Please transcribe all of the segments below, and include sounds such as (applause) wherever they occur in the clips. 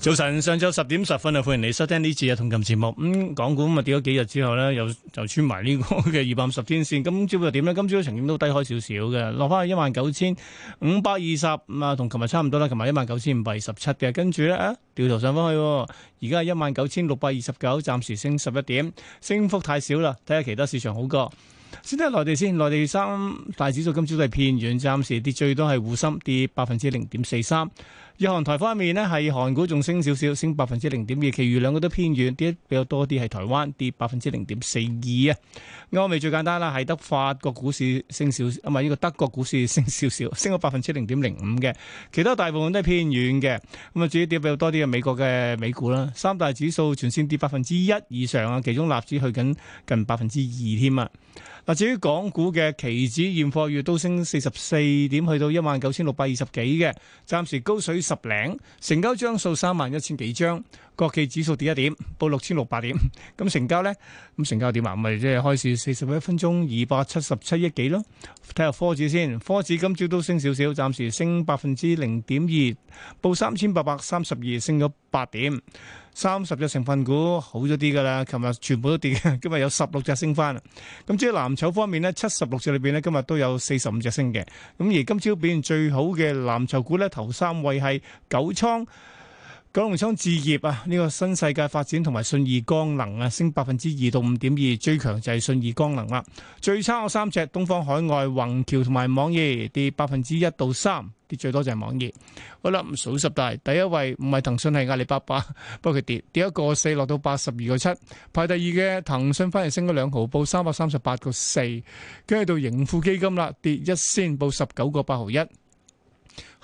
早晨，上晝十點十分啊，歡迎你收聽呢次嘅同琴節目。嗯，港股咪跌咗幾日之後呢，又就穿埋呢個嘅二百五十天線。咁朝早點呢？今朝早成點都低開少少嘅，落翻去一萬九千五百二十啊，同琴日差唔多啦。琴日一萬九千五百二十七嘅，跟住呢，啊，掉頭上翻去。而家係一萬九千六百二十九，暫時升十一點，升幅太少啦。睇下其他市場好過。先睇內地先，內地三大指數今朝都係偏軟，暫時跌最多係滬深跌百分之零點四三。日韓台方面呢係韓股仲升少少，升百分之零點二，其餘兩個都偏軟，跌比較多啲係台灣，跌百分之零點四二啊。歐美最簡單啦，係得法國股市升少，唔係呢個德國股市升少少，升咗百分之零點零五嘅，其他大部分都係偏軟嘅。咁啊，至於跌比較多啲係美國嘅美股啦。三大指數全線跌百分之一以上啊，其中納指去緊近百分之二添啊。嗱，至於港股嘅期指現貨月都升四十四點，去到一萬九千六百二十幾嘅，暫時高水。十零，成交張數三萬一千幾張，國企指數跌一點，報六千六百點。咁成交呢？咁成交點啊？咪即係開市四十一分鐘二百七十七億幾咯。睇下科指先，科指今朝都升少少，暫時升百分之零點二，報三千八百三十二，升咗八點。三十隻成分股好咗啲㗎喇，琴日全部都跌嘅，今日有十六隻升返。咁至於藍籌方面呢，七十六隻裏面呢，今日都有四十五隻升嘅。咁而今朝表現最好嘅藍籌股呢，頭三位係九倉。九龍倉置業啊，呢、這個新世界發展同埋信義光能啊，升百分之二到五點二，最強就係信義光能啦。最差嗰三隻，東方海外、宏橋同埋網易跌百分之一到三，跌最多就係網易。好啦，數十大，第一位唔係騰訊，係阿里巴巴，不過佢跌跌一個四，落到八十二個七。排第二嘅騰訊，反而升咗兩毫，報三百三十八個四。跟住到盈富基金啦，跌一仙，報十九個八毫一。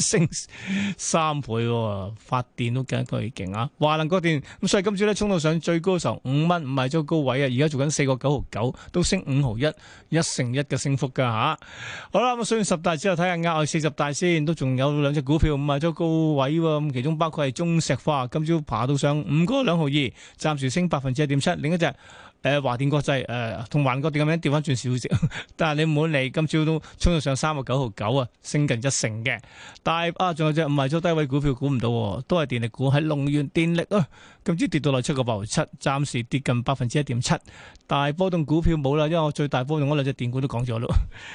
升三倍、啊，發電都更加 n 勁啊！華能國電咁，所以今朝咧衝到上最高嘅時候五蚊，五係咗高位啊！而家做緊四個九毫九，都升五毫一，一成一嘅升幅噶、啊、吓。好啦，咁所以十大之後睇下額外四十大先，都仲有兩隻股票五係咗高位、啊，咁其中包括係中石化，今朝爬到上五個兩毫二，暫時升百分之一點七。另一隻。誒、呃，華電國際誒，同、呃、華國電咁樣掉翻轉少少，但係你唔好理今朝都衝到上三個九毫九啊，升近一成嘅。但係啊，仲有隻唔係咗低位股票，估唔到、哦，都係電力股，喺龍源電力啊，今朝跌到落七個八毫七，暫時跌近百分之一點七。大波動股票冇啦，因為我最大波動嗰兩隻電股都講咗咯。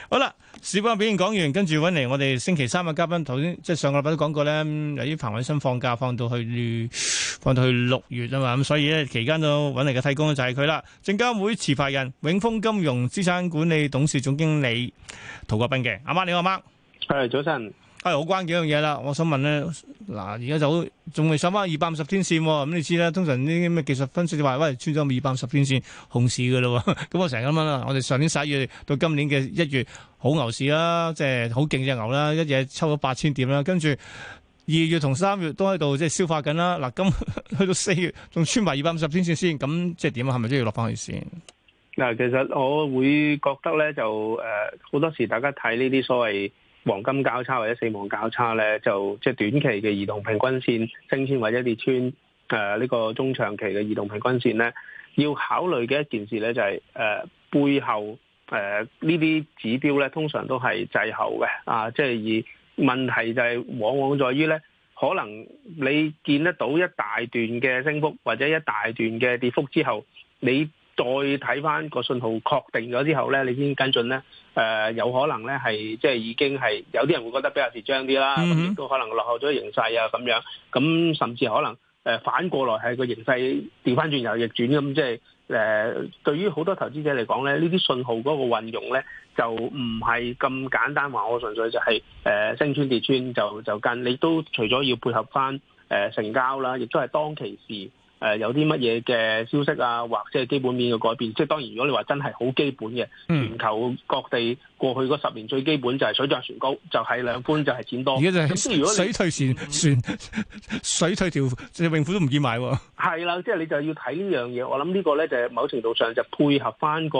好啦，市況表現講完，跟住搵嚟我哋星期三嘅嘉賓，頭先即係上個禮拜都講過咧，由於彭偉新放假放到去。呃放到去六月啊嘛，咁所以咧期間都揾嚟嘅替工就係佢啦。證監會持牌人永豐金融資產管理董事總經理陶國斌嘅，阿媽你好阿媽係早晨，哎好關幾樣嘢啦，我想問咧嗱，而家就仲未上翻二百五十天線，咁你知啦，通常呢啲咩技術分析就話喂穿咗二百五十天線熊市噶喎。咁我成日咁樣啦。我哋上年十一月到今年嘅一月好牛市啦，啊，即係好勁隻牛啦，一嘢抽咗八千點啦，跟住。二月同三月都喺度即係消化緊啦，嗱，咁去到四月仲穿埋二百五十天線先，咁即係點啊？係咪都要落翻去先？嗱，其實我會覺得咧，就誒、呃、好多時大家睇呢啲所謂黃金交叉或者死亡交叉咧，就即係、就是、短期嘅移動平均線升穿或者跌穿誒呢、呃呢個中長期嘅移動平均線咧，要考慮嘅一件事咧就係、是、誒、呃、背後誒呢啲指標咧通常都係滯後嘅啊，即係以。問題就係往往在於呢，可能你見得到一大段嘅升幅或者一大段嘅跌幅之後，你再睇翻個信號確定咗之後呢，你先跟進呢。誒、呃、有可能呢係即係已經係有啲人會覺得比較遲張啲啦，亦都可能落後咗形勢啊咁樣，咁甚至可能、呃、反過來係個形勢調翻轉又逆轉咁即係。那就是誒對於好多投資者嚟講咧，呢啲信號嗰個運用咧，就唔係咁簡單話，我純粹就係誒升穿跌穿就就近，你都除咗要配合返誒成交啦，亦都係當其時。誒、呃、有啲乜嘢嘅消息啊，或者基本面嘅改變，即、就、係、是、當然如果你話真係好基本嘅，全球各地過去嗰十年最基本就係水漲船高，就係、是、量寬，就係錢多。而家就係水，水退船船、嗯，水退條，水退條泳褲都唔見買喎、啊。係啦，即、就、係、是、你就要睇呢樣嘢。我諗呢個咧就係某程度上就配合翻個。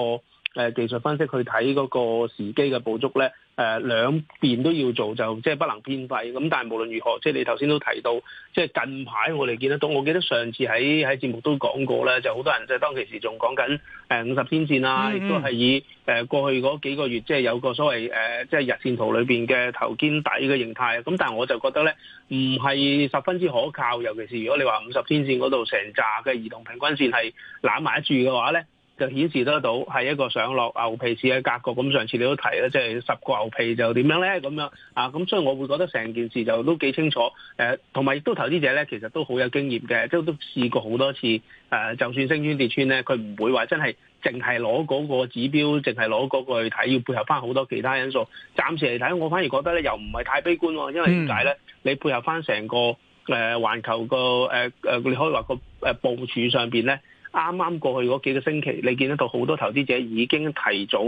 誒技術分析去睇嗰個時機嘅捕捉咧，誒兩邊都要做，就即係不能偏廢。咁但係無論如何，即係你頭先都提到，即係近排我哋見得到，我記得上次喺喺節目都講過咧，就好多人即係當其時仲講緊誒五十天線啊，亦、嗯嗯、都係以誒過去嗰幾個月即係、就是、有個所謂即係日線圖裏面嘅頭肩底嘅形態。咁但係我就覺得咧，唔係十分之可靠，尤其是如果你話五十天線嗰度成扎嘅移動平均線係攬埋一住嘅話咧。就顯示得到係一個上落牛皮市嘅格局。咁上次你都提咧，即係十個牛皮就點樣咧咁樣啊？咁所以我會覺得成件事就都幾清楚。誒、呃，同埋亦都投資者咧，其實都好有經驗嘅，都都試過好多次。誒、呃，就算升穿跌穿咧，佢唔會話真係淨係攞嗰個指標，淨係攞嗰個去睇，要配合翻好多其他因素。暫時嚟睇，我反而覺得咧，又唔係太悲觀喎。因為點解咧？你配合翻成個誒環球個誒誒，你可以話個部署上面咧？啱啱過去嗰幾個星期，你見得到好多投資者已經提早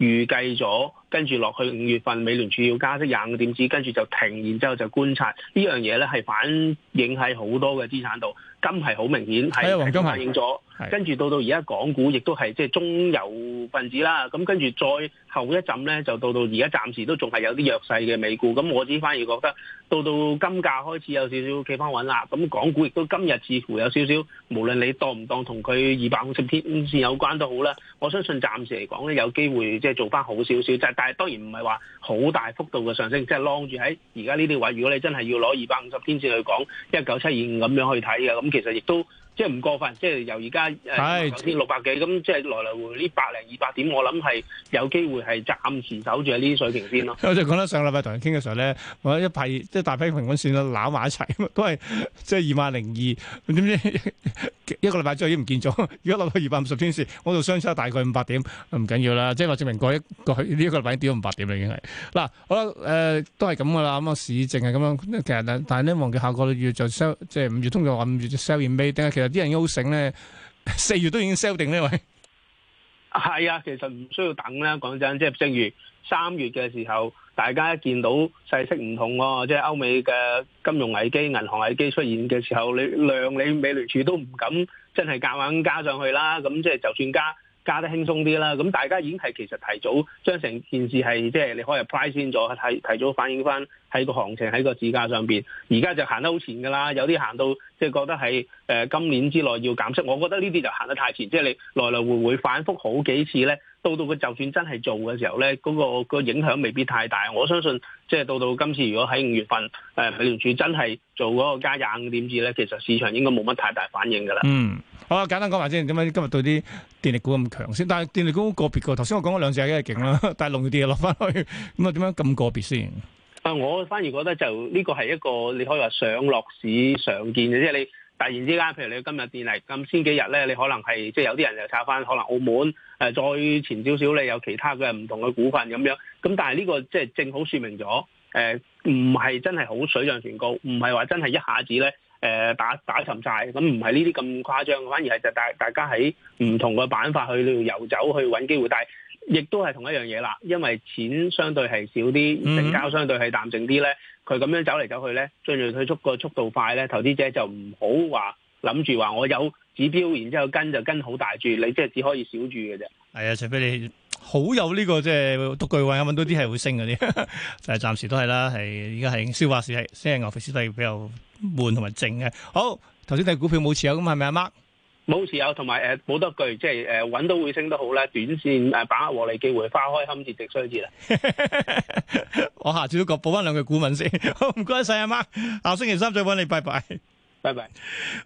預計咗。跟住落去五月份，美聯儲要加息廿五點子，跟住就停，然之後就觀察呢樣嘢咧，係、這個、反映喺好多嘅資產度，金係好明顯係反映咗、哎。跟住到到而家港股，亦都係即係中游份子啦。咁跟住再後一陣咧，就到到而家暫時都仲係有啲弱勢嘅美股。咁我自己反而覺得到到金價開始有少少企翻穩啦。咁港股亦都今日似乎有少少，無論你當唔當同佢二百五十天線有關都好啦。我相信暫時嚟講咧，有機會即係做翻好少少。係當然唔係話好大幅度嘅上升，即係啷住喺而家呢啲位。如果你真係要攞二百五十天線去講一九七二五咁樣去睇嘅，咁其實亦都。即係唔過分，即係由而家頭先六百幾咁，即係來來回呢百零二百點，我諗係有機會係暫時守住喺呢啲水平先咯，就是。我就講得上個禮拜同人傾嘅時候咧，我一排即係大批平均線攬埋一齊，都係即係二萬零二。點知一個禮拜之後已經唔見咗，如果落到二百五十天線，我度相差大概五百點，唔緊要啦。即係話證明過一個呢一個禮拜跌到五百點啦，已經係嗱，好啦、呃，都係咁噶啦，咁啊市淨係咁樣。其實但係呢，望記下個月就 sell，即係五月通常話五月 sell 有啲人優醒咧，四月都已經 sell 定呢位。係啊，其實唔需要等啦。講真，即係正如三月嘅時候，大家一見到勢色唔同喎，即係歐美嘅金融危機、銀行危機出現嘅時候，你量你美聯儲都唔敢真係夾硬，硬加上去啦。咁即係就算加。加得輕鬆啲啦，咁大家已經係其實提早將成件事係即係你可以 price 先咗，提提早反映翻喺個行情喺個指價上面。而家就行得好前㗎啦，有啲行到即係覺得係誒，今年之內要減息，我覺得呢啲就行得太前，即係你來來回回反覆好幾次咧。到到佢就算真係做嘅時候咧，嗰、那個那個影響未必太大。我相信，即係到到今次，如果喺五月份，誒、啊、美聯儲真係做嗰個加廿五點子咧，其實市場應該冇乜太大反應㗎啦。嗯，好啊，簡單講埋先，點解今日對啲電力股咁強先？但係電力股個別個，頭先我講咗兩隻梗係勁啦，但係落啲嘢落翻去，咁啊點樣咁個別先？啊，我反而覺得就呢個係一個你可以話上落市常見嘅，即、就、係、是、你突然之間，譬如你今日電力咁先幾日咧，你可能係即係有啲人又炒翻可能澳門。誒再前少少你有其他嘅唔同嘅股份咁樣，咁但係呢個即係正好說明咗，誒唔係真係好水漲船高，唔係話真係一下子咧誒打打沉晒。咁唔係呢啲咁誇張，反而係就大大家喺唔同嘅板塊去游走去揾機會，但係亦都係同一樣嘢啦，因為錢相對係少啲，成交相對係淡靜啲咧，佢咁樣走嚟走去咧，進住佢速個速度快咧，投資者就唔好話。諗住話我有指標，然之後跟就跟好大注，你即係只可以少注嘅啫。係、哎、啊，除非你好有呢、這個即係獨句話，搵到啲係會升嗰啲，就係暫時都係啦。係而家係消化市，係即係牛皮市都係比較悶同埋靜嘅。好，頭先睇股票冇持有，咁係咪阿 Mark 冇持有？同埋誒，補多句，即係誒，搵到會升得好啦。短線誒，把握獲利機會，花開堪折直須折啦。 (laughs) (laughs) 我下次都再補翻兩句古文先。好、 (laughs) 啊，唔該晒阿 Mark。下星期三再揾你，拜拜。拜拜。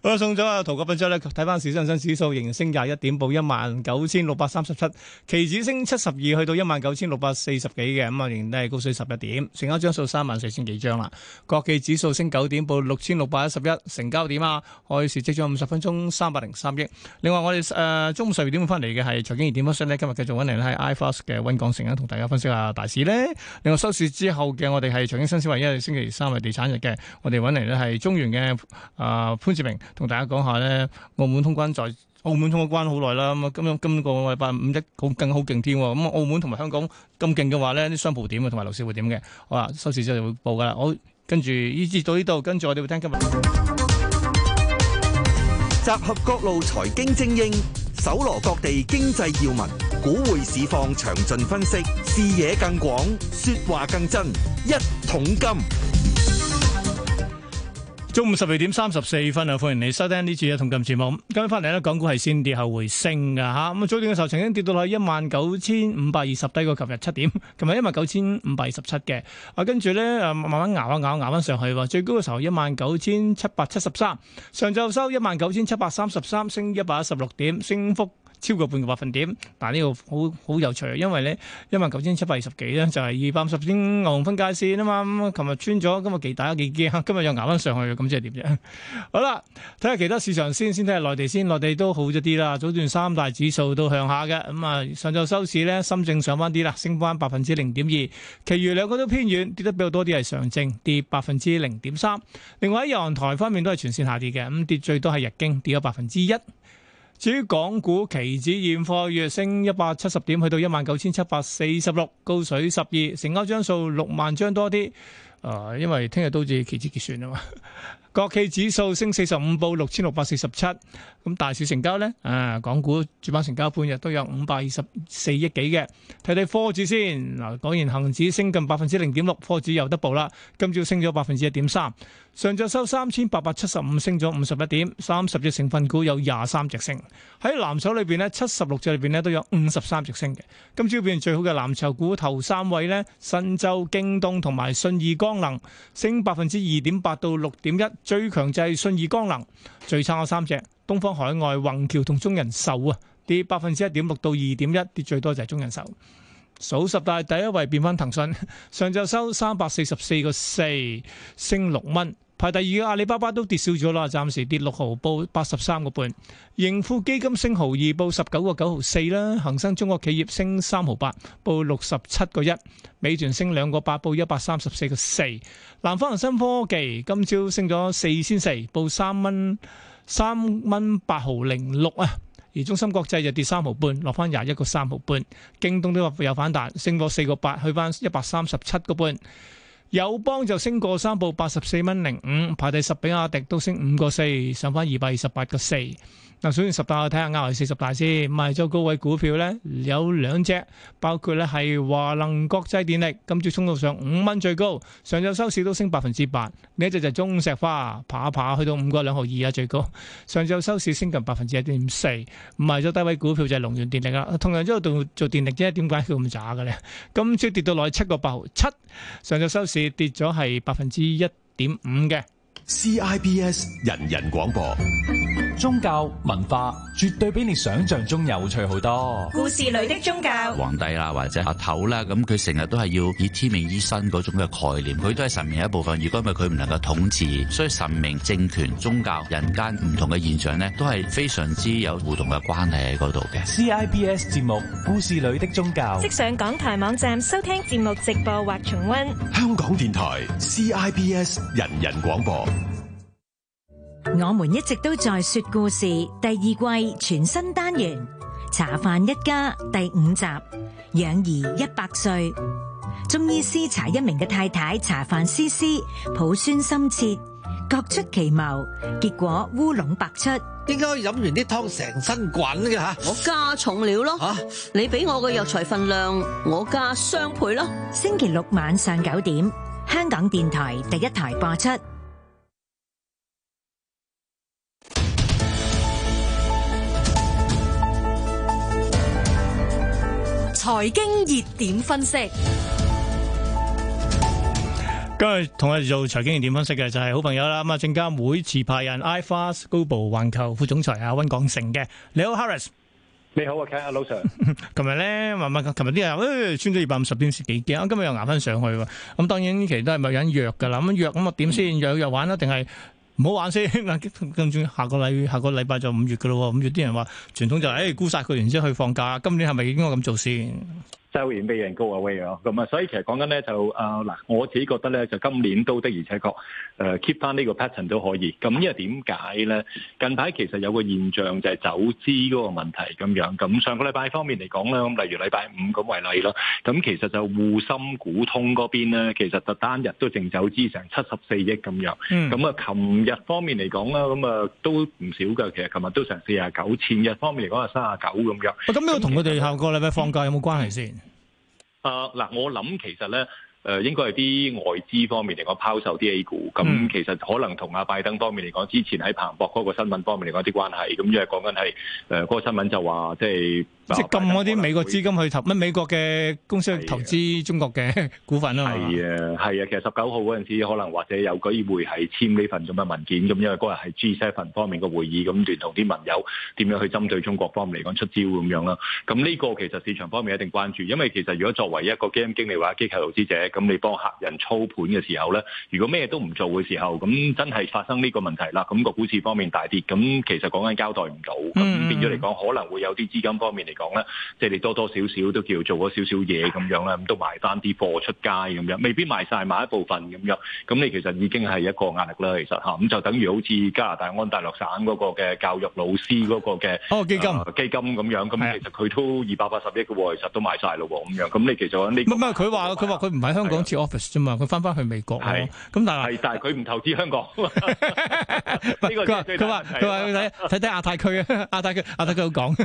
好啦，送咗啊，陶國賓分析呢。睇翻市，恒生指數仍然升廿一點，報一萬九千六百三十七，期指升七十二，去到一萬九千六百四十幾嘅，咁啊仍然都係高水十一點，成交張數三萬四千幾張啦。國企指數升九點，報六千六百一十一，成交點啊，開市即將五十分鐘三百零三億。另外，我哋誒、呃、中午十二點翻嚟嘅係財經熱點分析咧，今日繼續揾嚟咧係 iFAST 嘅温港城啊，同大家分享下大市呢。另外收市之後嘅我哋係財經新思維，一星期三係地產日嘅，我哋揾嚟呢係中原嘅啊，潘志明同大家講下咧，澳門通關，在澳門通咗關好耐啦，咁樣今個禮拜五一好更好勁添，咁澳門同埋香港咁勁嘅話咧，啲商鋪點啊，同埋樓市會點嘅，好啦，收市之後就會報噶啦，好，跟住一直到呢度，跟住我哋會聽今日集合各路財經精英，搜羅各地經濟要聞，股匯市況詳盡分析，視野更廣，說話更真，一桶金。中午十二點三十四分啊，歡迎你收聽呢次嘅《同濟節目》。今日翻嚟咧，港股係先跌後回昇嘅吓。咁早段嘅時候曾經跌到落一萬九千五百二十，低過琴日七點，琴日一萬九千五百二十七嘅。啊，跟住咧，誒，慢慢捱一捱，捱翻上去。最高嘅時候一萬九千七百七十三，上晝收一萬九千七百三十三，升一百一十六點，升幅超過半個百分點，但係呢個好好，好有趣，因為咧一萬九千七百二十幾咧就係二百五十點牛熊分界線啊嘛，咁啊，琴日穿咗，今日幾大啊幾驚，今日又捱翻上去嘅咁，即係點樣？好啦，睇下其他市場先，先睇下內地先，內地都好咗啲啦。早段三大指數都向下嘅，咁、嗯、啊上晝收市咧，深證上翻啲啦，升翻百分之零點二，其餘兩個都偏遠，跌得比較多啲係上證跌百分之零點三，另外喺日韓台方面都係全線下跌嘅，咁、嗯、跌最多係日經跌咗百分之一。至於港股期指現貨月升一百七十點，去到一萬九千七百四十六，高水十二，成交張數六萬張多啲。誒、呃，因為聽日都至期指結算啊嘛。 (laughs) 國企指數升四十五，報六千六百四十七。咁大市成交呢，啊、呃，港股主板成交半日都有五百二十四億幾嘅。睇睇科指先。嗱，講完恆指升近百分之零點六，科指又得報啦。今朝升咗百分之一點三。上晝收三千八百七十五，升咗五十一點，三十隻成分股有廿三隻升喺藍籌裏面呢，七十六隻裏面都有五十三隻升嘅。今朝表現最好嘅藍籌股頭三位呢，新州、京東同埋信義光能升百分之二點八到六點一，最強就係信義光能。最差三隻，東方海外、宏橋同中人壽啊，跌百分之一點六到二點一，跌最多就係中人壽。數十大第一位變翻騰訊，上晝收三百四十四個四，升六蚊。排第二嘅阿里巴巴都跌少咗啦，暫時跌六毫，報八十三個半。盈富基金升毫二，報十九個九毫四啦。恒生中國企業升三毫八，報六十七個一。美團升兩個八，報一百三十四個四。南方恒生科技今朝升咗四仙四，報三蚊三蚊八毫零六啊。而中心國際就跌三毫半，落翻廿一個三毫半。京東都話有反彈，升過四個八，去翻一百三十七個半。友邦就升過三部八十四蚊零五，排第十。比亞迪都升五個四，上翻二百二十八個四。嗱，首先十大我睇下壓住四十大先，賣咗高位股票咧有兩隻，包括咧係華能國際電力，今朝沖到上五蚊最高，上晝收市都升百分之八。呢一隻就係中石化，爬一爬去到五個兩毫二啦最高，上晝收市升近百分之一點四。賣咗低位股票就係龍源電力啦，同樣都係做做電力啫，點解佢咁渣嘅咧？今朝跌到落去七個八毫七，上晝收市跌咗係百分之一點五嘅。CIBS 人人廣播。宗教文化絕對比你想象中有趣好多。故事裏的宗教，皇帝啦或者阿頭啦，咁佢成日都係要以天命以身嗰種嘅概念，佢都係神明一部分。如果唔係佢唔能夠統治，所以神明、政權、宗教、人間唔同嘅現象咧，都係非常之有互動嘅關係喺嗰度嘅。CIBS 節目《故事裏的宗教》，即上港台網站收聽節目直播或重溫。香港電台 CIBS 人人廣播。我們一直都在說故事第二季全新單元《茶飯一家》第五集《養兒一百歲》，中醫師查一名嘅太太茶飯思思，抱孫心切，各出奇謀，結果烏龍百出。應該飲完啲湯成身滾嘅吓，我加重料咯。吓、啊，你俾我嘅藥材份量，我加雙倍咯。星期六晚上九點，香港電台第一台播出。財經熱點分析，今日同我哋做財經熱點分析嘅就係好朋友啦。咁啊，證監會持牌人 iFast Global 環球副總裁阿温廣成嘅，你好 Harris，你好啊 Ken 阿 Lion。琴日咧，唔係琴日啲人誒，穿咗二百五十點是幾驚，今日又捱翻上去喎。咁當然呢期都係咪引弱噶啦，咁弱咁啊點先，弱弱玩啊定係？唔好玩先，跟住下個禮拜，下個禮拜就五月噶咯喎，五月啲人話傳統就誒、係欸、沽晒佢，然之後去放假。今年係咪應該咁做先？就仍然比人高嘅位咯，咁啊，所以其實講緊咧就啊嗱，我自己覺得咧就今年都的而且確誒 keep 翻呢個 pattern 都可以。咁因為點解咧？近排其實有個現象就係走資嗰個問題咁樣。咁上個禮拜方面嚟講啦，咁例如禮拜五咁為例啦，咁其實就滬深股通嗰邊咧，其實就其實單日都淨走資成七十四億咁樣。咁、嗯、啊，琴日方面嚟講啦，咁啊都唔少㗎。其實琴日都成四啊九，前日方面嚟講係三啊九咁樣。咁呢個同佢哋下個禮拜放假有冇關係先？啊、呃、嗱，我諗其實咧，誒、呃，應該係啲外資方面嚟講拋售啲 A 股，咁其實可能同阿拜登方面嚟講，之前喺彭博嗰個新聞方面嚟講一啲關係，咁因為講緊係，誒，嗰、呃嗰個新聞就話即係。就是即係撳嗰啲美國資金去投乜美國嘅公司，投資中國嘅股份啊嘛。係啊，係啊，其實十九號嗰陣時，可能或者有機會係簽呢份咁嘅文件，咁因為嗰日係 G7 方面嘅會議，咁聯同啲盟友點樣去針對中國方面嚟講出招咁樣啦。咁呢個其實市場方面一定關注，因為其實如果作為一個基金經理或者機構投資者，咁你幫客人操盤嘅時候咧，如果咩都唔做嘅時候，咁真係發生呢個問題啦，咁個股市方面大跌，咁其實講緊交代唔到，咁變咗嚟講，可能會有啲資金方面嚟。講、就、咧、是，即係你多多少少都叫做咗少少嘢咁樣啦，咁都賣翻啲貨出街咁樣，未必賣晒，賣一部分咁樣，咁你其實已經係一個壓力啦。其實吓，咁就等於好似加拿大安大略省嗰個嘅教育老師嗰、嗰個嘅、哦、基金、啊、基金咁樣，咁、嗯、其實佢都二百八十億嘅，其實都賣晒咯，咁樣，咁你其實你唔係佢話，佢話佢唔喺香港設 office 啫嘛，佢翻翻去美國咯。咁但係但係佢唔投資香港。佢佢話佢話睇睇睇亞太區嘅亞太區亞太區好講。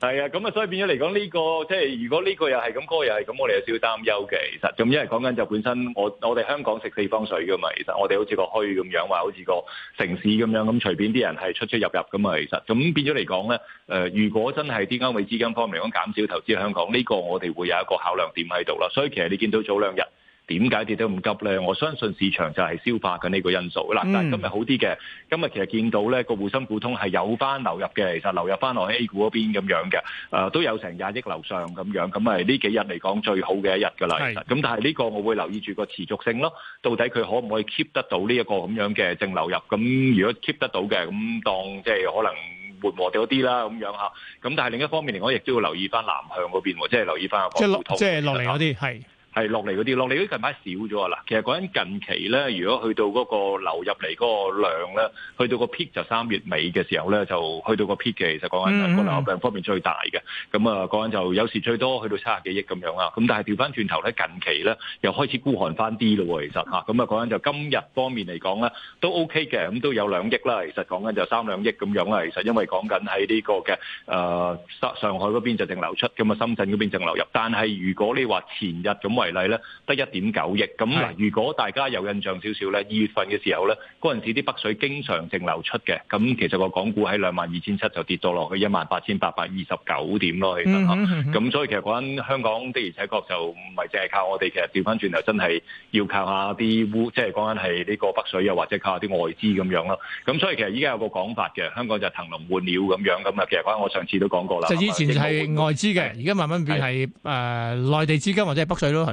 係啊咁。 (laughs) 咁、嗯、啊，所以變咗嚟講呢個，即係如果呢個又係咁，嗰個又係咁，我哋有少少擔憂嘅。其實，咁因為講緊就本身我我哋香港食四方水噶嘛，其實我哋好似個墟咁樣，話好似個城市咁樣，咁隨便啲人係出出入入噶嘛。其實，咁變咗嚟講咧，誒、呃，如果真係啲歐美資金方面嚟講減少投資香港，呢、這個我哋會有一個考量點喺度啦。所以其實你見到早兩日。點解跌得咁急咧？我相信市場就係消化緊呢個因素啦、嗯。但係今日好啲嘅，今日其實見到咧個滬深股通係有翻流入嘅，其實流入翻落 A 股嗰邊咁樣嘅，誒、呃、都有成廿億流上咁樣，咁係呢幾日嚟講最好嘅一日㗎啦。咁但係呢個我會留意住個持續性咯，到底佢可唔可以 keep 得到呢一個咁樣嘅正流入？咁如果 keep 得到嘅，咁當即係可能緩和咗啲啦咁樣吓，咁但係另一方面，我亦都要留意翻南向嗰邊，即、就、係、是、留意翻即，即落嚟啲係落嚟嗰啲落嚟嗰啲近排少咗啊！嗱，其實講緊近期咧，如果去到嗰個流入嚟嗰個量咧，去到個 peak 就三月尾嘅時候咧，就去到個 peak 嘅。其實講緊嗰個流病方面最大嘅。咁、嗯、啊，講緊就有時最多去到七十幾億咁樣啊。咁但係掉翻轉頭咧，近期咧又開始孤寒翻啲咯喎。其實嚇，咁啊講緊就今日方面嚟講咧都 OK 嘅，咁都有兩億啦。其實講緊就三兩億咁樣啦。其實因為講緊喺呢個嘅、呃、上海嗰邊就淨流出，咁啊深圳嗰邊淨流入。但係如果你話前日咁為例咧，得一點九億。咁如果大家有印象少少咧，二月份嘅時候咧，嗰陣時啲北水經常淨流出嘅。咁其實個港股喺兩萬二千七就跌咗落去一萬八千八百二十九點咯，其實咁、嗯、所以其實講緊香港的而且確就唔係淨係靠我哋。其實掉返轉頭真係要靠下啲烏，即係講緊係呢個北水又或者靠下啲外資咁樣咯。咁所以其實依家有個講法嘅，香港就騰籠換鳥咁樣咁啊。其實講我上次都講過啦。就以前係外資嘅，而家慢慢變係誒內地資金或者北水咯。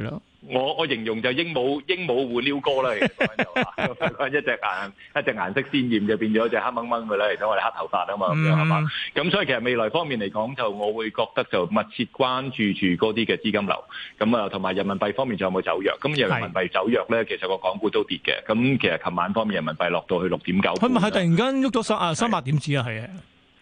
我我形容，就鸚鵡鸚鵡換鷯哥啦，其實一隻顏一隻顏色鮮艷就變咗隻黑掹掹嘅啦，而且我哋黑頭髮啊嘛，咁所以其實未來方面嚟講，就我會覺得就密切關注住嗰啲嘅資金流，咁啊同埋人民幣方面仲有冇走弱？咁人民幣走弱咧，其實個港股都跌嘅。咁其實琴晚方面，人民幣落到去六點九，係咪係突然間喐咗三啊三百點止啊？係啊，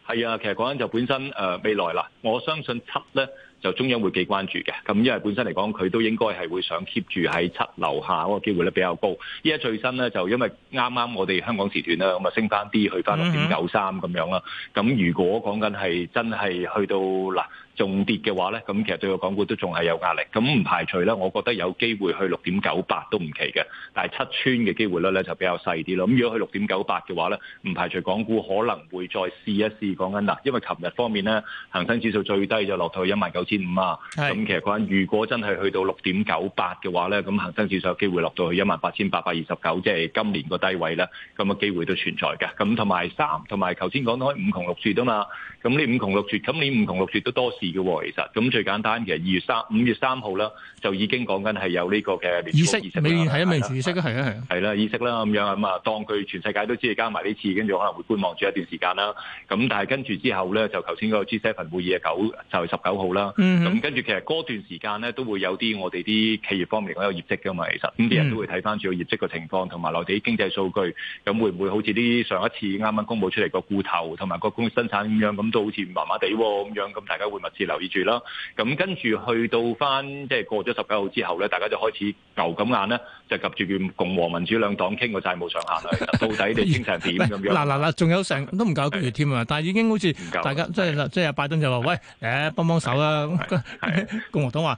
係啊，其實嗰陣就本身誒未來嗱，我相信七咧就中央會幾關注嘅，咁因為本身嚟講佢都應該係會想 keep 住喺七樓下嗰個機會呢比較高。依家最新咧就因為啱啱我哋香港時段啦咁啊升翻啲去翻六點九三咁樣啦。咁如果講緊係真係去到嗱重跌嘅話咧，咁其實對個港股都仲係有壓力。咁唔排除咧，我覺得有機會去六點九八都唔奇嘅。但係七穿嘅機會率咧就比較細啲咯。咁如果去六點九八嘅話咧，唔排除港股可能會再試一試講緊嗱，因為琴日方面咧，恒生指數最低就落到去一萬九千五啊，咁其實嗰如果真係去到六點九八嘅話咧，咁恒生指數有機會落到去一萬八千八百二十九，即係今年個低位咧，咁嘅機會都存在嘅。咁同埋三，同埋頭先講開五窮六絕啊嘛。咁你五窮六絕，咁你五窮六絕都多事嘅喎，其實咁最簡單嘅，二月三五月三號啦，就已經講緊係有呢個嘅意識，係啊，未意識啊，係啊，係啊，係啦，意識啦，咁樣咁啊，當佢全世界都知你加埋呢次，跟住可能會觀望住一段時間啦。咁但係跟住之後咧，就頭先嗰個 G7 會議嘅九就係十九號啦。咁、嗯、跟住其實嗰段時間咧，都會有啲我哋啲企業方面嗰個業績㗎嘛，其實咁啲人都會睇翻住個業績嘅情況，同埋內地經濟數據，咁會唔會好似啲上一次啱啱公佈出嚟個固投同埋個工業生產咁樣咁？數字麻麻地喎，咁樣咁大家會密切留意住啦。咁跟住去到翻即係過咗十九號之後咧，大家就開始牛咁眼啦，就及住與共和民主兩黨傾個債務上限啦。 (laughs) 到底你傾成點咁樣？嗱嗱嗱，仲有成都唔夠一個月添啊！但係已經好似大家，大家即係即係拜登就話：喂，誒、欸、幫幫手啦！ (laughs) 共和黨話：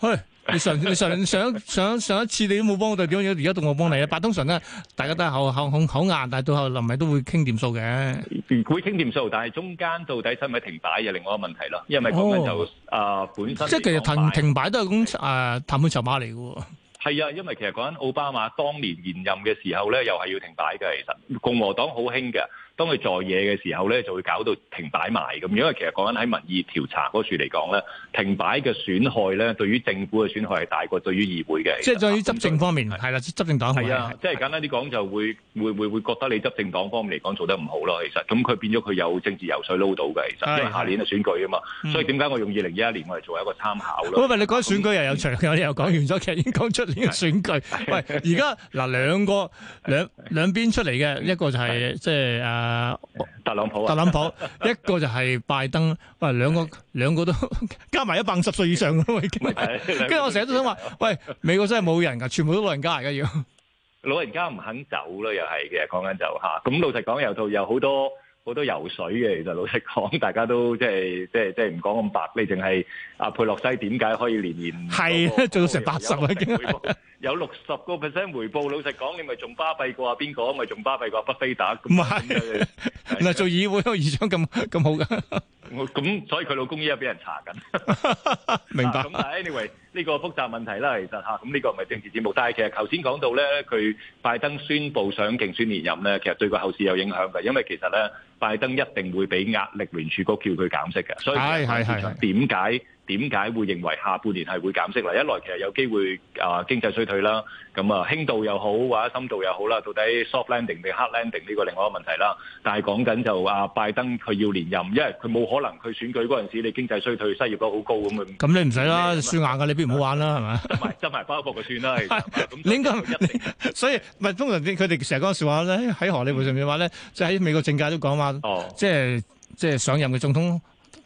去。 (laughs) 你上你上上一上一次你都冇幫我代表，而家到我幫你啦。但係通常咧，大家都係口口口硬，但係到後臨尾都會傾掂數嘅，會傾掂數。但係中間到底真係咪停擺，又另外一個問題咯。因為咁樣就、哦呃、本身即係其實停停擺都係咁誒談判籌碼嚟喎。係啊是，因為其實講緊奧巴馬當年現任嘅時候咧，又係要停擺嘅。其實共和黨好興嘅。當佢做嘢嘅時候咧，就會搞到停擺埋咁。因為其實講緊喺民意調查嗰處嚟講咧，停擺嘅損害咧，對於政府嘅損害係大過對於議會嘅。即係對於執政方面，係、啊、啦，執政黨係啊。即係簡單啲講，就會會會會覺得你執政黨方面嚟講做得唔好咯。其實咁佢變咗佢有政治油水撈到嘅。其實因為下年嘅選舉啊嘛，所以點解我用二零一一年我嚟做一個參考咧？喂、嗯，你講選舉又有長嘅，又、嗯、講完咗，其實已經講出呢個選舉。喂，而家嗱兩個兩兩邊出嚟嘅一個就係即係啊。誒、啊，特朗普、啊，特朗普一個就係拜登，喂， (laughs) 兩個兩個都加埋一百五十歲以上，跟住 (laughs) (laughs) 我成日都想話，喂，美國真係冇人噶？全部都老人家而家要，老人家唔肯走囉，又係嘅，講緊就吓，咁老實講有套有好多。好多游水嘅，其實老實講，大家都即係即係即係唔講咁白。你淨係阿佩洛西點解可以年年係做到成八十嘅回報？啊、有六十個 percent 回報。啊、老實講，你咪仲巴閉過阿邊個？咪仲巴閉過阿、啊、巴菲特？唔係嗱，啊、原來做議會個議長咁咁好嘅。咁 (laughs) 所以佢老公依家俾人查緊。 (laughs) 明白。咁、啊、但係 anyway。呢、這個複雜問題啦，其實嚇，咁、啊、呢、這個唔係政治節目，但係其實頭先講到咧，佢拜登宣布想競選連任咧，其實對個後市有影響嘅，因為其實咧，拜登一定會俾壓力聯儲局叫佢減息嘅，所以點解？點解會認為下半年係會減息咧？一來其實有機會啊，經濟衰退啦，咁啊，輕度又好或者深度又好啦，到底 soft landing 定 hard landing 呢個另外一個問題啦。但係講緊就話，拜登佢要連任，因為佢冇可能佢選舉嗰陣時你經濟衰退、失業率好高咁咁你唔使啦，算硬噶，你邊唔好玩啦，係、啊、咪？唔係，執埋包袱就算啦。係 (laughs) ，你應該所以唔係通常佢哋成日講笑話咧，喺荷里活上面話咧、嗯，即係美國政界都講話、哦，即係即係上任嘅總統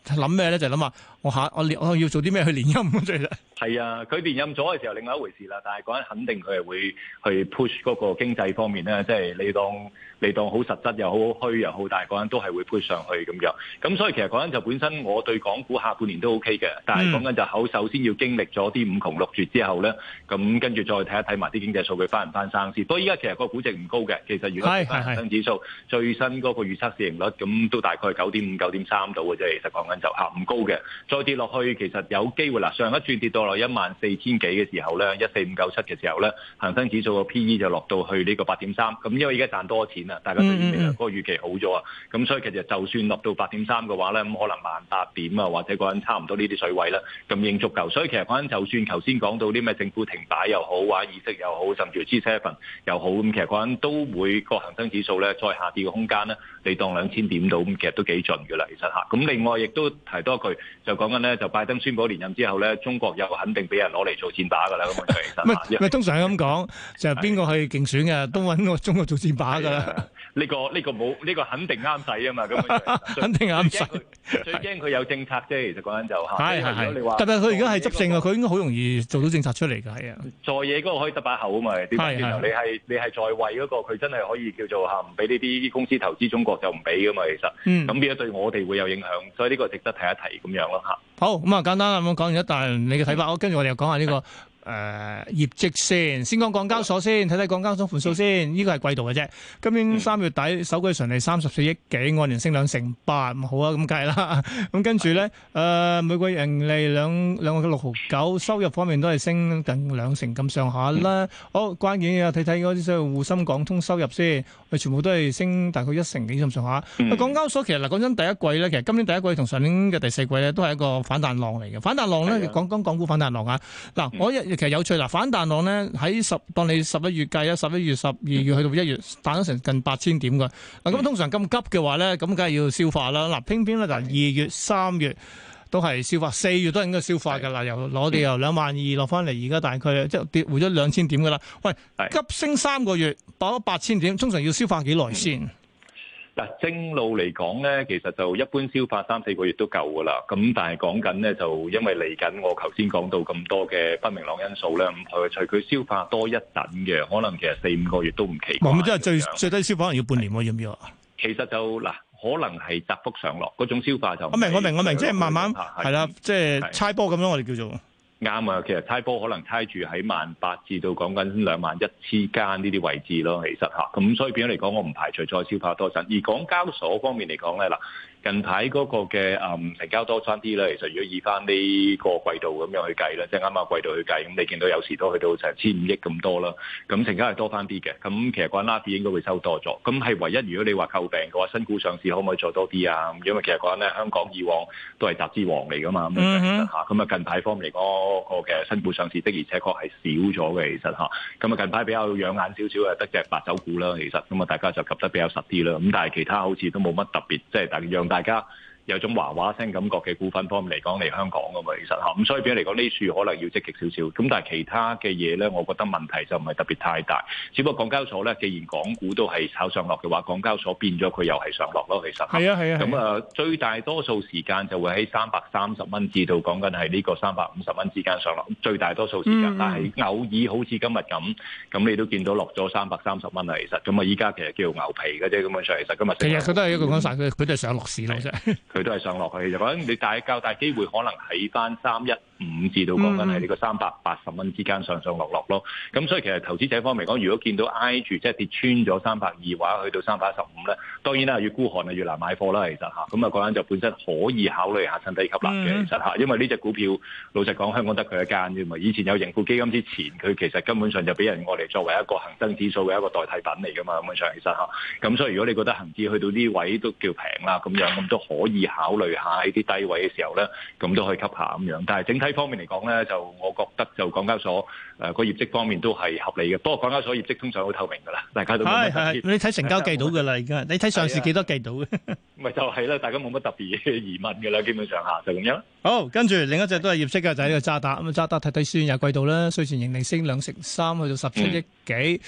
諗咩咧，就諗、是、啊。我下我我要做啲咩去連任咁啫？係 (laughs) 啊，佢連任咗嘅時候另外一回事啦。但係講緊肯定佢係會去 push 嗰個經濟方面咧，即係你當你當好實質又好虛又好，但係講緊都係會 push 上去咁樣。咁所以其實講緊就本身我對港股下半年都 OK 嘅，但係講緊就好首先要經歷咗啲五窮六絕之後咧，咁跟住再睇一睇埋啲經濟數據翻唔翻生先。不過依家其實個估值唔高嘅，其實如果恒生指數是是是最新嗰個預測市盈率咁都大概係九點五、九點三到嘅啫。其實講緊就下唔高嘅。再跌落去，其實有機會啦。上一轉跌到落一萬四千幾嘅時候咧，一四五九七嘅時候咧，恒生指數個 P/E 就落到去呢個八點三。咁因為而家賺多錢啊，大家對面嗰個預期好咗啊。咁所以其實就算落到八點三嘅話咧，咁可能萬八點啊，或者個陣差唔多呢啲水位啦，咁應足夠。所以其實陣，就算頭先講到啲咩政府停擺又好，話意識又好，甚至係支產份又好，咁其實個陣都會、個恒生指數咧再下跌嘅空間咧，你當兩千點到咁，其實都幾盡㗎啦。其實吓，咁另外亦都提多一句就講緊咧，就拜登宣布連任之後咧，中國又肯定俾人攞嚟做戰靶噶啦，咁樣其實，唔係 (laughs) 通常係咁講， (laughs) 就係邊個去競選嘅都搵個中國做戰靶噶啦。呢個呢個冇呢個肯定啱使啊嘛，咁肯定啱使。最驚佢有政策啫，其實嗰陣就嚇。係係係。特別佢而家係執政啊，佢應該好容易做到政策出嚟㗎，係啊。在野嗰個可以得把口啊嘛，啲馬總統，你係你係在位嗰個，佢真係可以叫做嚇唔俾呢啲公司投資中國就唔俾噶嘛，其實。嗯。咁而家對我哋會有影響，所以呢個值得提一提咁樣咯嚇。好，咁啊簡單咁講完咗，但係你嘅睇法，我跟住我哋又講下呢個。誒、呃、業績先，先講港交所先，睇睇港交所盤數先，呢、這個係季度嘅啫。今年三月底首季純利三十四億幾，按年升兩成八，唔好啊，咁計啦。咁跟住咧，誒每季盈利兩兩個六毫九，收入方面都係升近兩成咁上下啦。好，關鍵嘅睇睇嗰啲需要滬深港通收入先。全部都係升大概一成幾咁上下。佢港交所其實嗱，講真，第一季咧，其實今年第一季同上年嘅第四季咧，都係一個反彈浪嚟嘅。反彈浪咧，講講港股反彈浪啊！嗱，我一其實有趣嗱，反彈浪咧喺十當你十一月計啦，十一月十二月去到一月，彈咗成近八千點嘅。嗱，咁通常咁急嘅話咧，咁梗係要消化啦。嗱，偏偏咧就二月三月。都係消化，四月都應該消化嘅啦。又攞啲由兩萬二落翻嚟，而家大概即係跌回咗兩千點嘅啦。喂，急升三個月爆咗八千點，通常要消化幾耐先？嗱，正路嚟講咧，其實就一般消化三四個月都夠嘅啦。咁但係講緊咧，就因為嚟緊，我頭先講到咁多嘅不明朗因素咧，咁佢除佢消化多一等嘅，可能其實四五個月都唔奇。咁即係最最低消化可能要半年喎，要唔要啊？其實就嗱。可能係窄幅上落嗰種消化，就我明我明，我明，即係慢慢係啦，即、嗯、係、即係、猜波咁樣，我哋叫做啱啊。其實猜波可能猜住喺萬八至到講緊兩萬一之間呢啲位置咯，其實吓，咁，所以變咗嚟講，我唔排除再消化多陣。而港交所方面嚟講咧，嗱。近排嗰個嘅誒、嗯、成交多翻啲啦，其實如果以翻呢個季度咁樣去計咧，即係啱啱季度去計，咁你見到有時都去到成千五億咁多啦，咁成交係多翻啲嘅，咁其實講拉跌應該會收多咗，咁係唯一如果你話購併嘅話，新股上市可唔可以再多啲啊？因為其實講咧，香港以往都係集資王嚟噶嘛，咁啊、mm -hmm. 近排方面嚟講個嘅新股上市的而且確係少咗嘅，其實嚇，咁啊近排比較養眼少少係得隻白酒股啦，其實咁啊大家就 𥄫 得比較實啲啦，咁但係其他好似都冇乜特別，即係大嘅大家。有種哇哇聲感覺嘅股份方面嚟講嚟香港噶嘛，其實咁所以來講，比如嚟講呢處可能要積極少少，咁但係其他嘅嘢咧，我覺得問題就唔係特別太大，大，只不過港交所咧，既然港股都係炒上落嘅話，港交所變咗佢又係上落咯，其實係啊係啊，咁啊，啊，最大多數時間就會喺三百三十蚊至到講緊係呢個三百五十蚊之間上落，嗯，最大多數時間，但係偶爾好似今日咁，咁你都見到落咗三百三十蚊啊，其實咁啊，依家其實叫牛皮嘅啫，咁樣上其實今日其實佢都係一個講曬，佢都係上落市啦， (laughs) 佢都係上落去，就講你大較大機會可能喺翻三一。五字到講緊係呢個三百八十蚊之間上上落落咯，咁、mm. 所以其實投資者方面講，如果見到挨住即係跌穿咗三百二或者去到三百十五咧，當然啦，越孤寒啊越難買貨啦，其實嚇，咁啊講就本身可以考慮下趁低吸納嘅，其實嚇，因為呢隻股票老實講香港得佢一間啫嘛，以前有盈富基金之前，佢其實根本上就俾人我哋作為一個恒生指數嘅一個代替品嚟噶嘛，咁樣上其實嚇，咁所以如果你覺得恒指去到呢位都叫平啦，咁樣咁都可以考慮下喺啲低位嘅時候咧，咁都可以吸下咁樣，但係整體方面嚟講咧，就我覺得就港交所誒個業績方面都係合理嘅。不過港交所業績通常好透明噶啦，大家都係係你睇成交計到噶啦，而家你睇上市幾多計到嘅，咪就係啦。大家冇乜特別嘅疑問噶啦，基本上下就咁樣。好，跟住另一隻都係業績嘅就係呢個渣打咁啊，渣打睇睇先第二季度啦，稅前盈利升兩成三，去到十七億。幾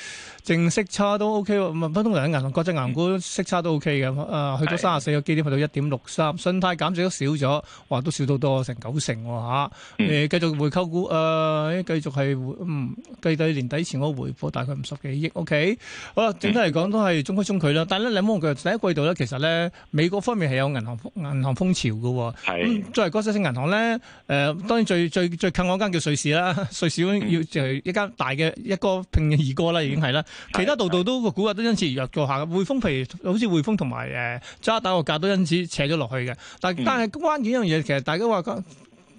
淨息差都 O K 喎，普通銀行、國際銀行股息差都 O K 嘅，啊去到三十四個基點，去到一點六三，信貸減值都少咗，哇都少到多成九成吓，誒、啊、繼續回購股，誒、呃、繼續係，嗯，計到年底前我回補大概五十幾億 O K，好啦，整體嚟講都係中規中矩啦。但係你有冇第一季度咧，其實咧美國方面係有銀行銀行風潮嘅，咁、嗯、作為國際性銀行咧，誒、呃、當然最最最近嗰間叫瑞士啦，瑞士要就係一間大嘅一個二哥啦，已經係啦，其他度度都個股價都因此弱咗下嘅。匯豐譬如，好似匯豐同埋誒渣打個價都因此扯咗落去嘅。但但係關鍵一樣嘢，其實大家話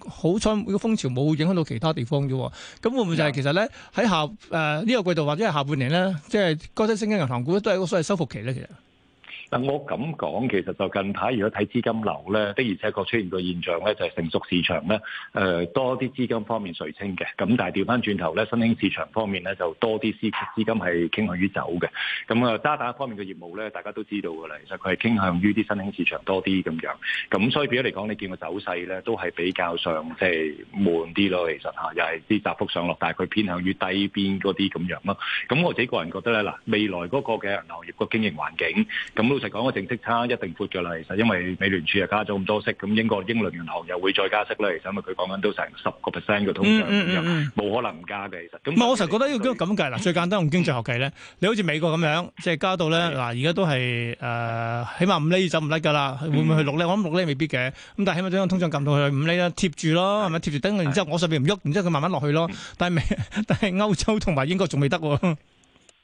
好彩個風潮冇影響到其他地方啫。咁會唔會就係、是嗯、其實咧喺下誒呢、呃呢個季度或者係下半年咧，即係嗰啲升級銀行股都係一個所謂的收復期咧？其實。但我咁講，其實就近排如果睇資金流咧，的而且確出現個現象咧，就係成熟市場咧，誒、呃、多啲資金方面垂青嘅。咁但係調翻轉頭咧，新興市場方面咧就多啲資金係傾向於走嘅。咁啊，渣打方面嘅業務咧，大家都知道㗎啦。其實佢係傾向於啲新興市場多啲咁樣。咁所以變咗嚟講，你見個走勢咧都係比較上即係悶啲咯。其實嚇，又係啲窄幅上落，但係佢偏向於低邊嗰啲咁樣咯。咁我自己個人覺得咧，嗱，未來嗰個嘅銀行業個經營環境咁。我成日講個淨息差一定闊㗎啦，其實因為美聯儲又加咗咁多息，咁英國英倫銀行又會再加息咧，其實因為佢講緊都成十個 percent 嘅通脹，冇可能唔加嘅其實。唔係，我成日覺得呢個咁計嗱，最簡單用經濟學計咧，你好似美國咁樣，即係加到咧嗱，而家都係誒起碼五厘走唔甩㗎啦，會唔會去六厘？我諗六厘未必嘅，咁但係起碼將個通脹撳到去五厘啦，貼住咯，係咪貼住等？然之後我上邊唔喐，然之後佢慢慢落去咯。但係未，但係歐洲同埋英國仲未得喎。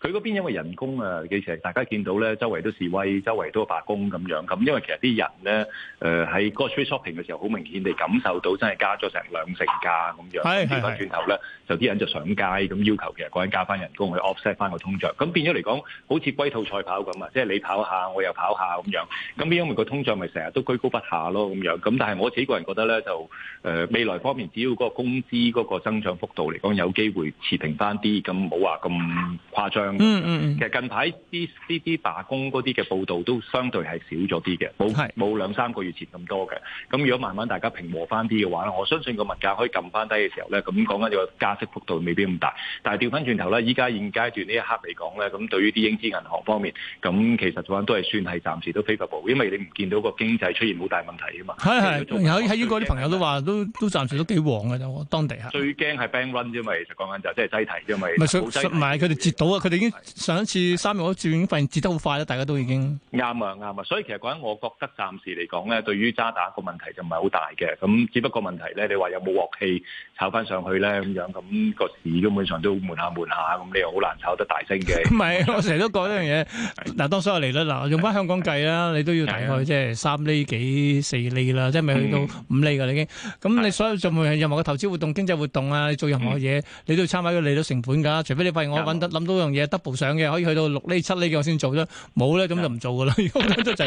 佢嗰邊因為人工啊，其實大家見到咧，周圍都示威，周圍都罷工咁樣。咁因為其實啲人咧，誒喺 grocery shopping 嘅時候，好明顯地感受到真係加咗成兩成價咁樣。調返轉頭咧，就啲人就上街咁要求，其實嗰人加翻人工，人工去 offset 翻個通脹。咁變咗嚟講，好似龜兔賽跑咁啊，即係你跑下，我又跑下咁樣。咁因為個通脹咪成日都居高不下咯，咁樣。咁但係我自己個人覺得咧，就、呃、未來方面，只要個工資嗰個增長幅度嚟講，有機會持平翻啲，咁冇話咁誇張。嗯嗯，嗯，其實近排啲呢啲罷工嗰啲嘅報導都相對係少咗啲嘅，冇冇兩三個月前咁多嘅。咁如果慢慢大家平和翻啲嘅話咧，我相信個物價可以撳翻低嘅時候咧，咁講緊個加息幅度未必咁大。但係調翻轉頭咧，依家現階段呢一刻嚟講咧，咁對於啲英資銀行方面，咁其實講都係算係暫時都 favorable，因為你唔見到個經濟出現好大問題啊嘛。係係，喺喺英國啲朋友都話都都暫時都幾旺嘅啫，當地啊。最驚係 bank run 啫嘛，其實講緊就即、是、係擠提啫嘛。唔係佢哋截到啊，佢哋。已經上一次三月嗰轉已經發現跌得好快啦，大家都已經啱啊啱啊，所以其實講緊我覺得暫時嚟講咧，對於渣打個問題就唔係好大嘅。咁只不過問題咧，你話有冇鑊氣炒翻上去咧咁樣，咁個市基本上都悶下悶下，咁你又好難炒得大升嘅。唔係，我成日都講呢樣嘢。嗱，當初我嚟啦，嗱，用翻香港計啦，你都要大概即係三釐幾四釐啦，即係未去到五釐㗎？已經咁你所有做任何嘅投資活動、經濟活動啊，你做任何嘢，你都要參考個利率成本㗎。除非你發現我揾得諗到樣嘢。double 上嘅可以去到六厘七厘嘅，我先做啦，冇咧，咁就唔做噶啦。而家好多人就係、是，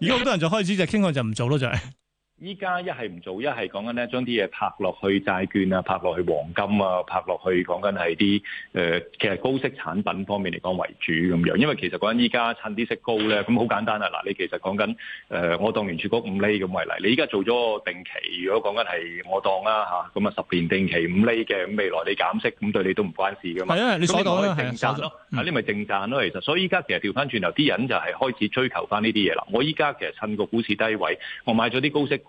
而家好多人就開始就傾向就唔做咯，就係。依家一係唔做，一係講緊咧將啲嘢拍落去債券啊，拍落去黃金啊，拍落去講緊係啲誒，其實高息產品方面嚟講為主咁樣，因為其實講緊依家趁啲息高咧，咁、嗯、好簡單啊！嗱，你其實講緊誒，我當完住嗰五厘咁為例，你依家做咗個定期，如果講緊係我當啦嚇，咁啊十年定期五厘嘅，咁未來你減息咁對你都唔關事噶嘛。啊，你所講嘅正賺咯？你咪正賺咯？其、啊、實、嗯，所以依家其實調翻轉頭，啲人就係開始追求翻呢啲嘢啦。我依家其實趁個股市低位，我買咗啲高息。咁咁我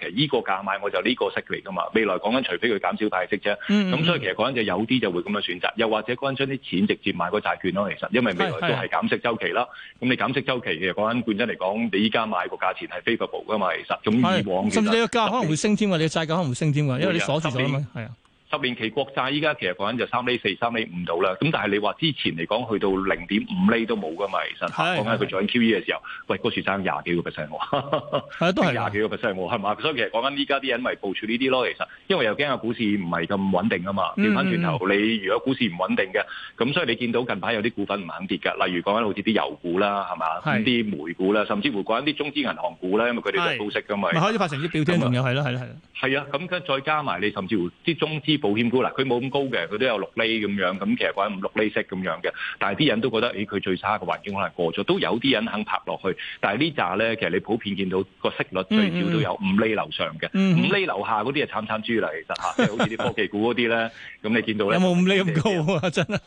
其實呢個價買我就呢個息嚟噶嘛，未來講緊除非佢減少大息啫，咁、嗯嗯嗯、所以其實講緊就有啲就會咁樣選擇，又或者講緊將啲錢直接買個債券咯，其實因為未來都係減息周期啦，咁你減息周期其實講緊本身嚟講，你依家買個價錢係 favorable 噶嘛，其實，咁以往甚至個價可能會升添啊，你個債價可能會升添啊，因為你鎖住咗啊係啊。十年期國債依家其實講緊就三厘四、三厘五到啦，咁但係你話之前嚟講去到零點五厘都冇噶嘛？其實，講緊佢做緊 QE 嘅時候，喂，嗰處爭廿幾個 percent 喎，都係廿幾個 percent 喎，係嘛？所以其實講緊依家啲人咪部署呢啲咯，其實，因為又驚個股市唔係咁穩定啊嘛，調翻轉頭，你如果股市唔穩定嘅，咁所以你見到近排有啲股份唔肯跌㗎，例如講緊好似啲油股啦，係嘛？啲煤股啦，甚至乎講緊啲中資銀行股啦，因為佢哋就高息㗎嘛。可以發成啲表添啊，係咯係咯係，啊，咁跟再加埋你，甚至乎啲中資。保險股嗱，佢冇咁高嘅，佢都有六厘咁樣，咁其實講緊五六厘息咁樣嘅，但係啲人都覺得，咦，佢最差嘅環境可能過咗，都有啲人肯拍落去，但係呢扎咧，其實你普遍見到個息率最少都有五厘樓上嘅，五厘樓下嗰啲係，慘慘豬啦，其實嚇，即係好似啲科技股嗰啲咧，咁你見到咧，有冇五厘咁高啊？真啊，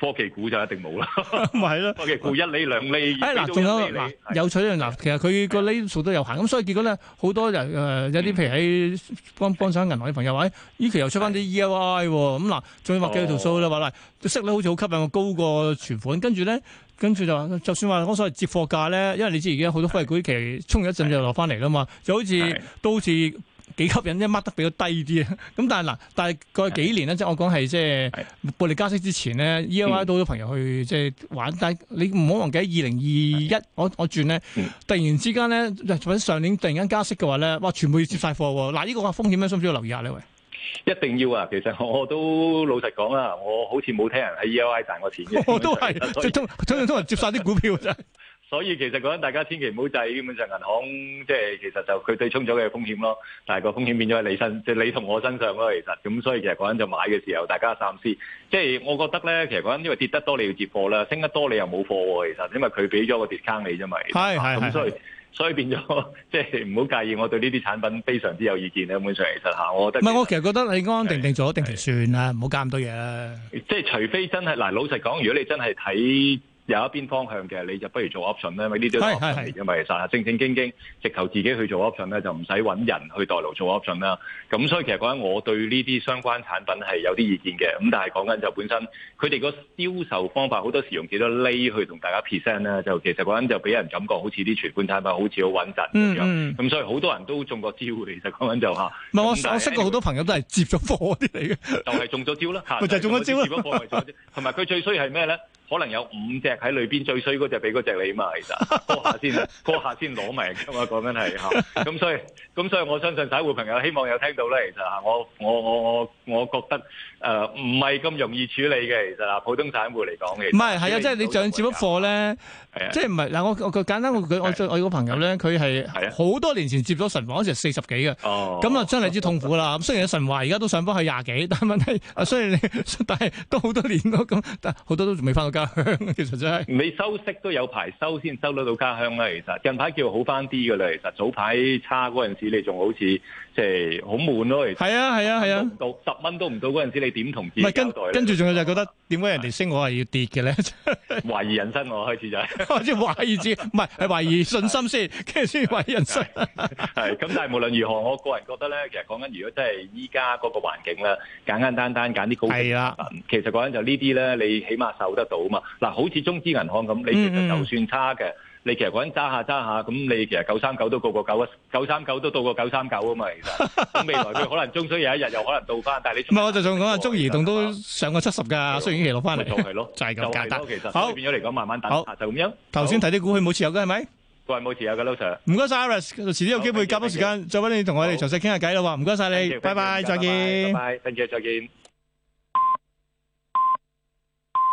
科技股就一定冇啦，咪係咯，科技股一厘兩厘，哎嗱，仲有啊，有趣一樣嗱，其實佢個厘數都有限，咁所以結果咧，好多人誒，有啲譬如喺幫幫手銀行嘅朋友話咧，呢期又出翻啲。E.I. 咁、啊、嗱，仲要擘幾條數啦，話嗱，息率好似好吸引，我高過存款，跟住咧，跟住就就算話我所謂接貨價咧，因為你知而家好多飛股期衝咗一陣就落翻嚟啦嘛，就好似、yes. 都好似幾吸引，即係擘得比較低啲啊。咁 (laughs) 但係嗱，但係過去幾年咧，即、yes. 係我講係即係暴力加息之前咧，E.I. 都好多朋友去即係玩。Mm. 但係你唔好忘記，喺二零二一我我轉咧，突然之間咧，或、mm. 者上年突然間加息嘅話咧，哇，全部要接晒貨喎。嗱、mm. 啊，呢、呢個風險咧，需唔需要留意下呢？喂。一定要啊！其實我都老實講啦，我好似冇聽人喺 E I 賺過錢嘅，我都係，即 (laughs) 係通通係接晒啲股票啫。 (laughs) 所以其實嗰陣大家千祈唔好制，基本上銀行即係其實就佢對沖咗嘅風險咯，但係個風險變咗喺你身，即係你同我身上咯。其實咁，所以其實嗰陣就買嘅時候，大家三思。即係我覺得咧，其實嗰陣因為跌得多你要接貨啦，升得多你又冇貨喎。其實因為佢俾咗個 discount 你啫嘛。係係咁，所以所以，所以變咗即係唔好介意，我對呢啲產品非常之有意見咧。基本上其實吓，我覺得唔係，我其實覺得你安安定定做定期算啦，唔好加咁多嘢。即係除非真係嗱，老實講，如果你真係睇，有一邊方向嘅，你就不如做 option 咧，因為呢啲都係，因為實實正正經經，直頭自己去做 option 咧，就唔使揾人去代勞做 option 啦。咁所以其實講緊，我對呢啲相關產品係有啲意見嘅。咁但係講緊就本身，佢哋個銷售方法好多時用幾多 lay 去同大家 present 咧，就其實講緊就俾人感覺好似啲存款產品好似好穩陣咁樣。咁、嗯嗯、所以好多人都中過招嘅。其實講緊就嚇，唔係我我識過好多朋友都係接咗貨啲嚟嘅，就係、是、中咗招啦嚇。就係、是、中咗招啦，同埋佢最衰係咩咧？可能有五隻喺裏邊最衰嗰隻俾嗰隻你嘛，其實一下先， (laughs) 一下先攞埋㗎嘛，講緊係嚇。咁、 (laughs) 啊、所以，咁所以我相信散戶朋友希望有聽到咧，其實嚇我我我我我覺得誒唔係咁容易處理嘅，其實嗱，普通散戶嚟講嘅唔係係啊，即係你上咗貨咧，即係唔係嗱？我我簡單一、啊啊、我我我有個朋友咧，佢係好多年前接咗神華，嗰時係四十幾嘅，咁啊、哦、真係之痛苦啦、啊。雖然神華而家都上翻佢廿幾，但係問題啊， (laughs) 雖然你，但係都好多年咯，咁好多都仲未翻到。家其實真，就，係，是，你收息都有排收先收得到家鄉啦。其實近排叫好翻啲噶啦。其實早排差嗰陣時，你，啊啊啊時，你仲好似即係好悶咯。其實係啊係啊係啊，到十蚊都唔到嗰陣時，你點同？唔係跟跟住仲有就係覺得，點解，啊、人哋升我係要跌嘅咧？懷疑人生我開始就係，我開始懷疑自己，唔係係懷疑信心先，跟住先懷疑人生。係咁，啊啊啊啊啊，但係無論如何，我個人覺得咧，其實講緊如果真係依家嗰個環境咧，簡簡單單揀啲高息，係啦，啊，其實講緊就呢啲咧，你起碼受得到。嗱，好似中資銀行咁，你其實就算差嘅，你其實搵揸下揸下，咁你其實九三九都過過九啊，九三九都到過九三九啊嘛，其實未來佢可能終須有一日又可能到翻，但係你唔係，我就仲講啊，中移動都上過七十㗎，雖然已經期落翻嚟做係咯，就係咁簡單。好，變咗嚟講，慢慢等。好，就咁樣。頭先提啲股佢冇持有嘅係咪？各位冇持有㗎，Lo Sir。唔該晒，Iris。遲啲有機會夾多時間，再揾你同我哋詳細傾下偈啦喎。唔該晒你，拜拜，再見。拜，謝，再見。